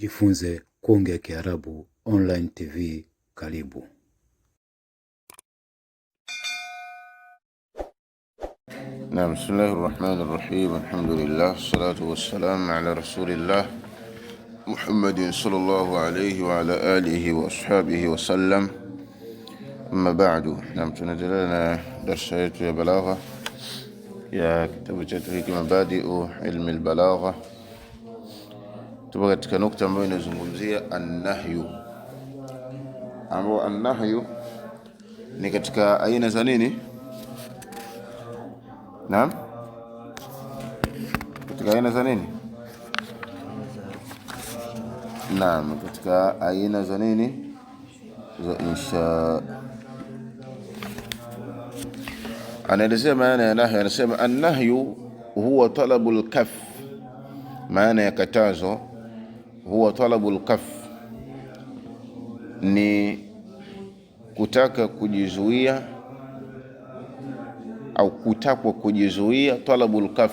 Jifunze kuongea Kiarabu online TV karibu. Naam, bismillahi rahmani rahim, alhamdulillah wassalatu wassalamu ala rasulillah Muhammadin sallallahu alayhi wa ala alihi wa ashabihi wa sallam, amma ba'du. Naam, tunaendelea na darsa yetu ya balagha ya kitabu chetu hiki Mabadiu ilmi albalagha Tupo katika nukta ambayo inazungumzia annahyu, ambapo annahyu ni katika aina za nini? Naam, katika aina za nini? Naam, katika aina za nini za insha. Anaelezea maana ya nahyu, anasema annahyu huwa talabu lkaf, maana ya katazo huwa talabul kaf, ni kutaka kujizuia au kutakwa kujizuia. Talabul kaf,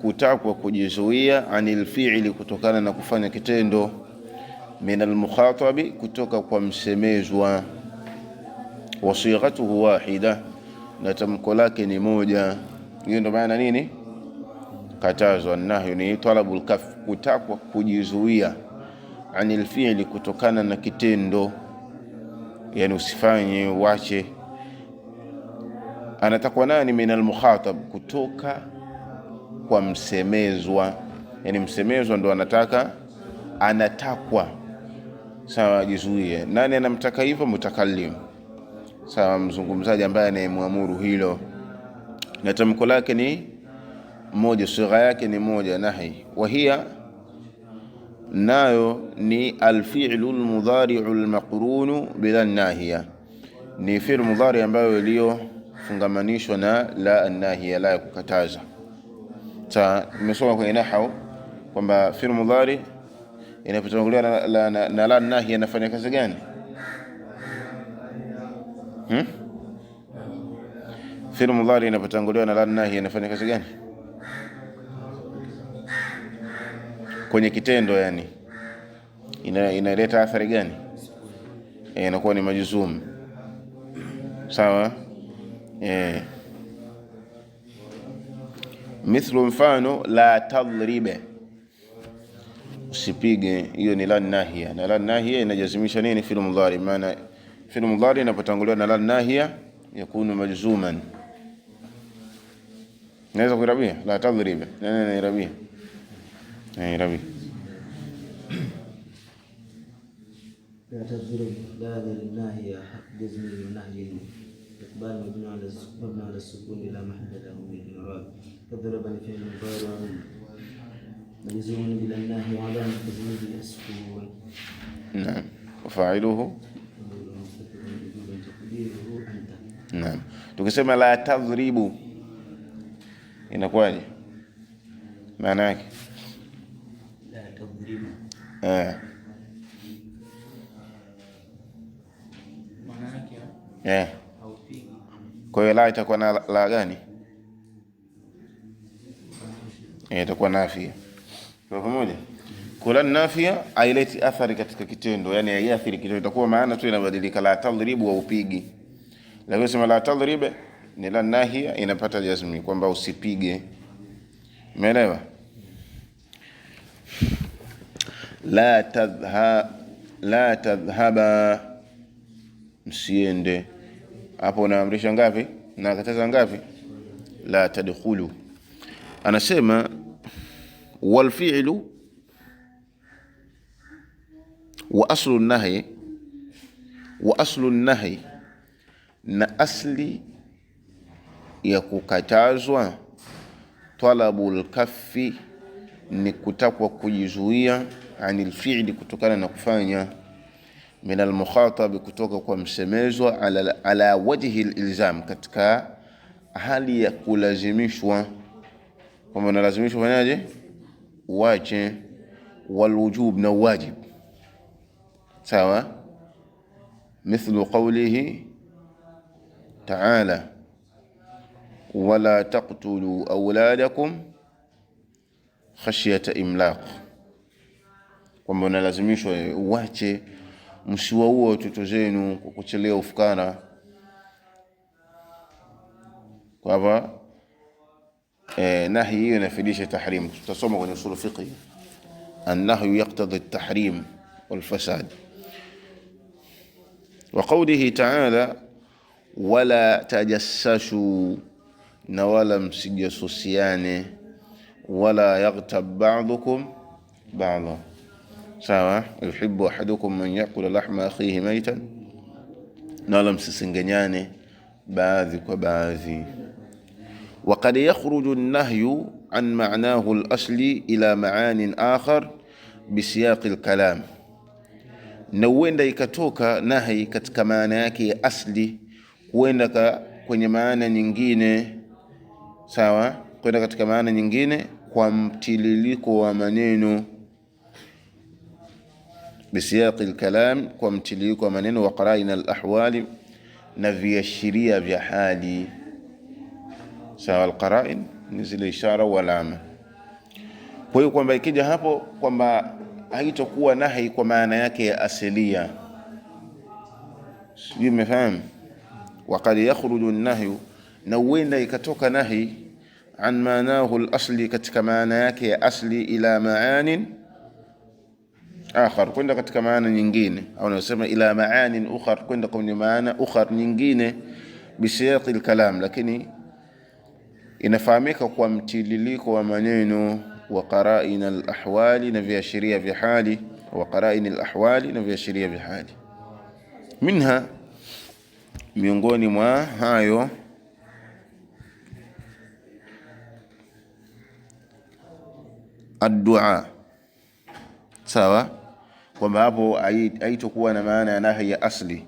kutakwa kujizuia anil fiili, kutokana na kufanya kitendo. Min almukhatabi, kutoka kwa msemezwa. Wasighatuhu wahida, na tamko lake ni moja. Hiyo ndo maana nini kukatazwa. nahyu ni talabul kaf, kutakwa kujizuia, anil fi'li, kutokana na kitendo, yani usifanye uache. Anatakwa nani? Min almukhatab, kutoka kwa msemezwa, yani msemezwa ndo anataka anatakwa sawa, ajizuie. Nani anamtaka hivyo? Mutakallim, sawa, mzungumzaji ambaye anayemwamuru hilo, na tamko lake ni moja, sigha yake ni moja, nahi wa hiya, nayo ni alfi'lu lmudhari'u lmaqrunu bila nahiya, ni fi'l mudhari ambayo iliyofungamanishwa na la nahiya, la ya kukataza. Sa nimesoma kwenye nahau kwamba fi'l mudhari inapotangulia na, na, la nahiya inafanya kazi gani? hmm? Fi'l mudhari inapotangulia na la nahiya inafanya kazi gani? kwenye kitendo yani inaleta ina athari gani? E, inakuwa ni majuzumu sawa. E, mithlu mfano la tadhribe, usipige. Hiyo ni lan nahia, na lan nahia inajazimisha nini? Fi'l mudhari. Maana fi'l mudhari inapotanguliwa na lan nahia yakunu majzuman. Naweza kuirabia la tadribe, nani nairabia Ravi لا تضرب لا لله بإذن ونهج إقبال مبنى على مبنى على السكون لا محل له من الإعراب تضرب الفعل مضارع مجزوم بلا النهي وعلامة تزويده السكون نعم وفاعله Naam. Tukisema la tadhribu inakuwaje? Maana yake eh. Eh. Kwa hiyo la itakuwa na la gani? Eh, itakuwa nafia kwa pamoja. Kula nafia aileti athari katika kitendo, yani haiathiri kitendo, itakuwa maana tu inabadilika, la tadribu wa upigi. Lakini sema la tadribe ni la nahia, inapata jazmi kwamba usipige, umeelewa? la tadha la tadhhaba, msiende hapo. Naamrisha ngapi? Nakataza ngapi? la tadkhulu. Anasema walfi'lu wa aslu nahyi wa aslu nahyi, na asli ya kukatazwa talabul kaffi, ni kutakwa kujizuia anil lfili kutokana na kufanya, min almukhatabi, kutoka kwa msemezwa, ala, ala wajhi alilzam, katika hali ya kulazimishwa, kwamba nalazimishwa fanyaje, uache walwujub, na wajib sawa. Mithlu qawlihi taala wala taqtulu awladakum khashyata imlaq kwamba unalazimishwa eh, uwache, msiwaua watoto zenu kwa kuchelea ufukara. Kwa hapa eh, nahi hiyo inafidisha tahrim. Tutasoma kwenye usul fiqh, annahyu yaqtadi at-tahrim wal wa qawlihi ta'ala wala tajassasu, na wala msijasusiane, wala yaghtab ba'dukum ba'dha Sawa, yuhibbu ahadukum an yakula lahma akhihi maitan, na wala msisengenyane baadhi kwa baadhi. Wa qad yakhruju an-nahyu an ma'nahu al-asli ila ma'anin akhar bi siyaq al-kalam, na huenda ikatoka nahi katika maana yake ya asli, huenda kwenye maana nyingine. Sawa, kwenda katika maana nyingine kwa mtililiko wa maneno bisiyaqi lkalam, kwa mtiririko wa maneno, wa qaraina alahwali, na viashiria vya hali. Sawa, alqarain ni zile ishara au alama. Kwa hiyo kwamba ikija hapo kwamba haitokuwa nahi kwa maana yake ya asilia, sijui imefahamu. Waqad yakhruju nahyu, na huenda ikatoka nahi an manahu lasli, katika maana yake ya asli, ila maanin akhar, kwenda katika maana nyingine, au unasema ila maanin ukhar, kwenda kwenye maana ukhar nyingine bisiyaqi alkalam, lakini inafahamika kwa mtililiko wa maneno wa qarain alahwali, na viashiria vya hali wa qarain alahwali, na viashiria vya hali minha, miongoni mwa hayo addua sawa kwamba hapo haitokuwa na maana ya nahi ya asli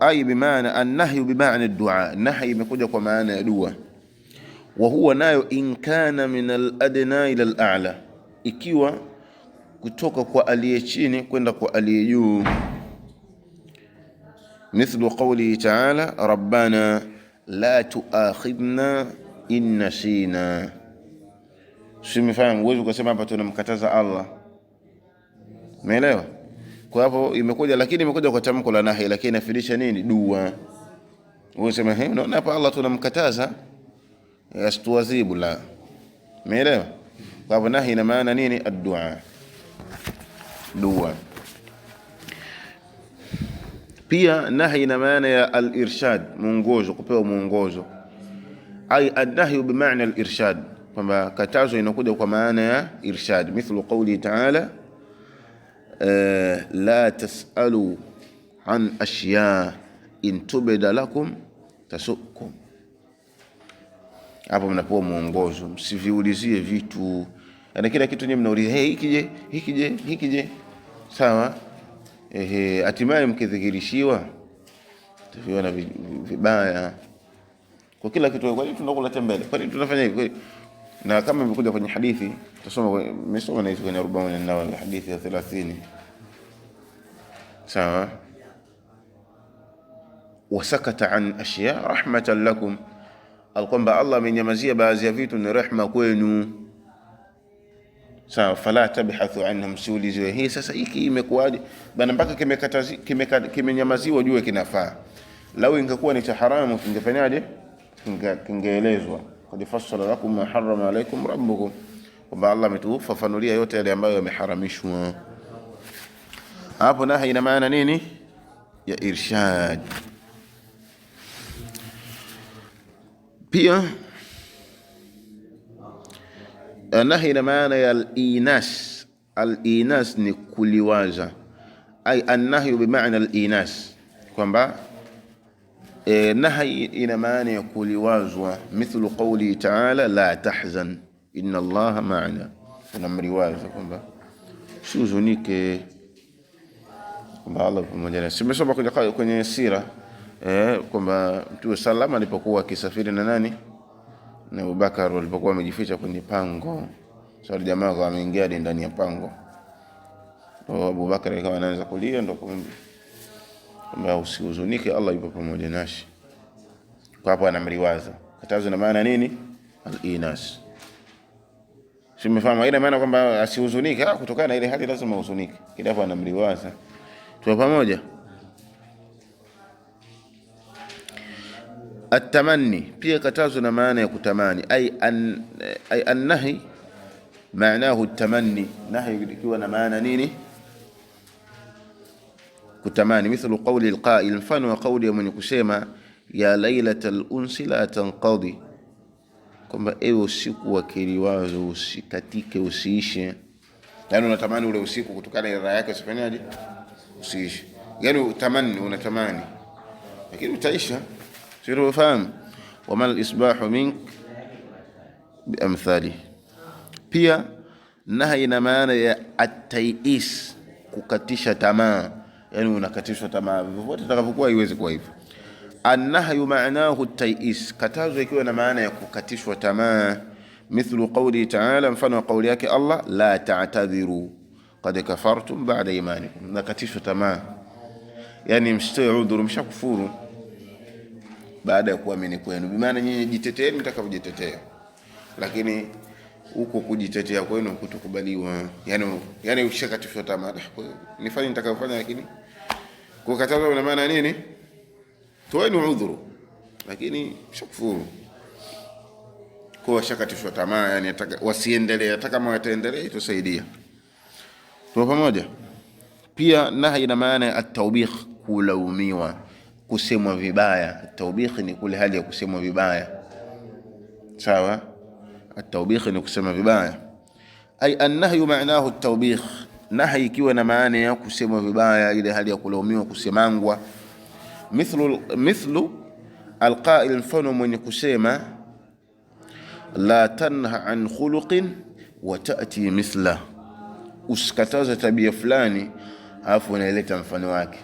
ai bimaana annahyu bimaana dua, nahi imekuja kwa maana ya dua. Wa huwa nayo in kana min aladna ila alala, ikiwa kutoka kwa aliye chini kwenda kwa aliye juu. Mithlu qawlihi taala rabbana la tuakhidhna in nasina. Simfahamu, huwezi ukasema hapa tunamkataza Allah Umeelewa? Kwa hapo imekuja, lakini imekuja kwa tamko la nahi, lakini inafundisha nini? Dua. Wewe sema hivi, unaona hapa Allah tunamkataza eh, asituadhibu la. Umeelewa? Kwa hapo nahi ina maana nini? Addu'a. Dua. Pia nahi ina maana ya al-irshad, mwongozo, kupewa mwongozo. Ai an-nahyu bi maana al-irshad, kwamba katazo inakuja kwa maana ya irshad, mithlu qawli ta'ala Eh, la tasalu an ashya in tubida lakum tasukum. Hapo mnapewa mwongozo, msiviulizie vitu, na yaani kila kitu nyinyi mnauliza hey, hiki je, hiki je, hiki je, sawa. Ehe, hatimaye mkidhikirishiwa taviona vibaya kwa kila kitu. Kwa nini tunakula tembele? Kwa nini tunafanya hivi? na kama imekuja kwenye hadithi tusoma, mesoma na hizo kwenye arobaini na nane hadithi ya 30 sawa. Wasakata an ashya rahmatan lakum, alkwamba Allah amenyamazia baadhi ya vitu ni rehma kwenu, sawa. Fala tabhathu anhum, siuliziwe hii sasa, hiki imekuwaje bana mpaka kimenyamaziwa, jue kinafaa. Lau ingekuwa ni cha haramu kingefanyaje? Kingeelezwa kinge Qad fassala lakum ma harrama alaykum rabbukum, kwamba Allah ametufafanulia yote yale ambayo yameharamishwa. Hapo naha ina maana nini? Ya irshad. Pia eh, nahi ina maana ya al-inas. Al-inas ni kuliwaza, ai annahyu bi maana al-inas, kwamba E, nahyi ina maana ya kuliwazwa, mithlu qauli ta'ala la tahzan inna Allaha ma'ana, unamriwaza kwamba usihuzunike, kwamba Allah pamoja nasi. Tumesoma kwenye, kwenye sira e, kwamba Mtume salama alipokuwa akisafiri na nani na Abubakar walipokuwa wamejificha kwenye pango, sasa jamaa wameingia ndani ya pango, Abubakar akawa anaanza kulia ndo usihuzunike, Allah yupo pamoja nasi. Kwa hapo anamliwaza katazo na maana nini? alinas inas simefahamu ile maana kwamba asihuzunike, ah, kutokana na ile hali lazima uhuzunike. Kile hapo anamliwaza, tuwe pamoja. Atamani pia katazo na maana ya kutamani, Ai an ai an maanahu tamani. nahi ikiwa na maana nini kutamani, mithlu qawli alqa'il, mfano wa qawli ya mwenye kusema ya lailata unsi la tanqadi, kwamba ewe usiku wa kiliwazo usikatike, usiishe. Yani unatamani ule usiku kutokana na raha yake, usifanyaje, usiishe. Yani utamani, unatamani lakini utaisha, sio ufahamu. Wama alisbahu mink biamthali. Pia naha ina maana ya atayis, kukatisha tamaa yani unakatishwa tamaa vyovyote takavyokuwa, haiwezi kuwa hivyo. Annahyu maanahu tayis katazo ikiwa na maana ya kukatishwa tamaa. Mithlu qawli ta'ala, mfano wa kauli yake Allah, la ta'tadhiru qad kafartum ba'da imanikum, nakatishwa tamaa, yani msitoe udhuru, mshakufuru baada ya kuamini kwenu. Bi maana nyinyi jiteteeni mtakavyojitetea, lakini huko kujitetea kwenu kutokubaliwa, Yani yani ushakatishwa tamaa, nifanye nitakavyofanya lakini Kukatazwa ina maana nini? Toeni udhuru, lakini shakufuru kwa washakatishwa tamaa, yani wasiendelee. Hata kama wataendelea itusaidia, tuko pamoja. Pia nahi ina maana ya at-taubikh, kulaumiwa, kusemwa vibaya. At-taubikh ni kule hali ya kusemwa vibaya, sawa. At-taubikh ni kusema vibaya, ay an ma'nahu at-taubikh nahi ikiwa na maana ya kusemwa vibaya, ile hali ya kulaumiwa, kusemangwa. Mithlu, mithlu alqail, mfano mwenye kusema la tanha an khuluqin wa taati mithla, usikataza tabia fulani alafu unaileta mfano wake.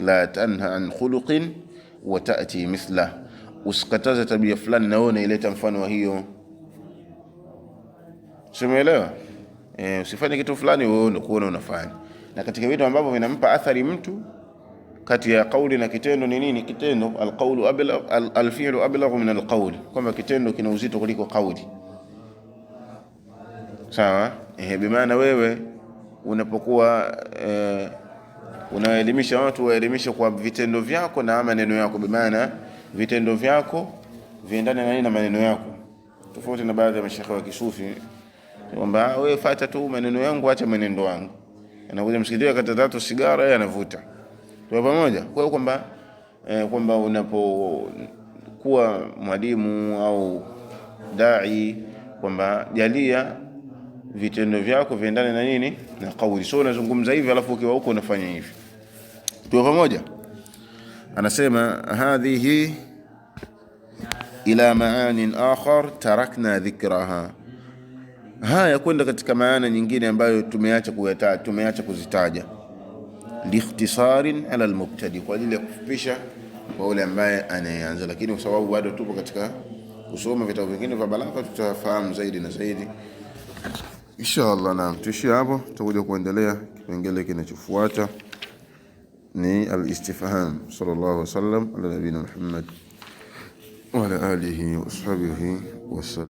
La tanha an khuluqin wa taati mithla, usikataza tabia fulani na wewe unaileta mfano wa hiyo. Tumeelewa? E, usifanye kitu fulani wewe ndio kuona unafanya. Na katika vitu ambavyo vinampa athari mtu kati ya kauli na kitendo ni nini? Kitendo alqaulu abla alfi'lu ablaghu min alqauli, kwamba kitendo kina uzito kuliko kauli. Sawa? Eh, bi maana wewe unapokuwa e, eh, unaelimisha watu waelimishe kwa vitendo vyako na maneno yako, bi maana vitendo vyako viendane na nini na maneno yako, tofauti na baadhi ya mashaikh wa kisufi kwamba ah, we fata tu maneno yangu, acha mwenendo wangu. Anakuja msikitini akata tatu sigara, yeye anavuta. Tupo pamoja. Kwa hiyo kwamba eh, kwamba unapokuwa mwalimu au dai kwamba jalia vitendo vyako viendane na nini na kauli, sio unazungumza hivi alafu ukiwa huko unafanya hivi. Tupo pamoja. Anasema hadhihi ila maanin akhar tarakna dhikraha haya kwenda katika maana nyingine ambayo tumeacha kuyataja, tumeacha kuzitaja liikhtisarin ala almubtadi, kwa ajili ya kufupisha kwa yule ambaye anayeanza. Lakini kwa sababu bado tupo katika kusoma vitabu vingine vya balagha, tutafahamu zaidi na zaidi insha Allah. Naam, tuishie hapo, tutakuja kuendelea. Kipengele kinachofuata ni alistifham. Sallallahu alaihi wasallam ala nabina Muhammad wa ala alihi wa ashabihi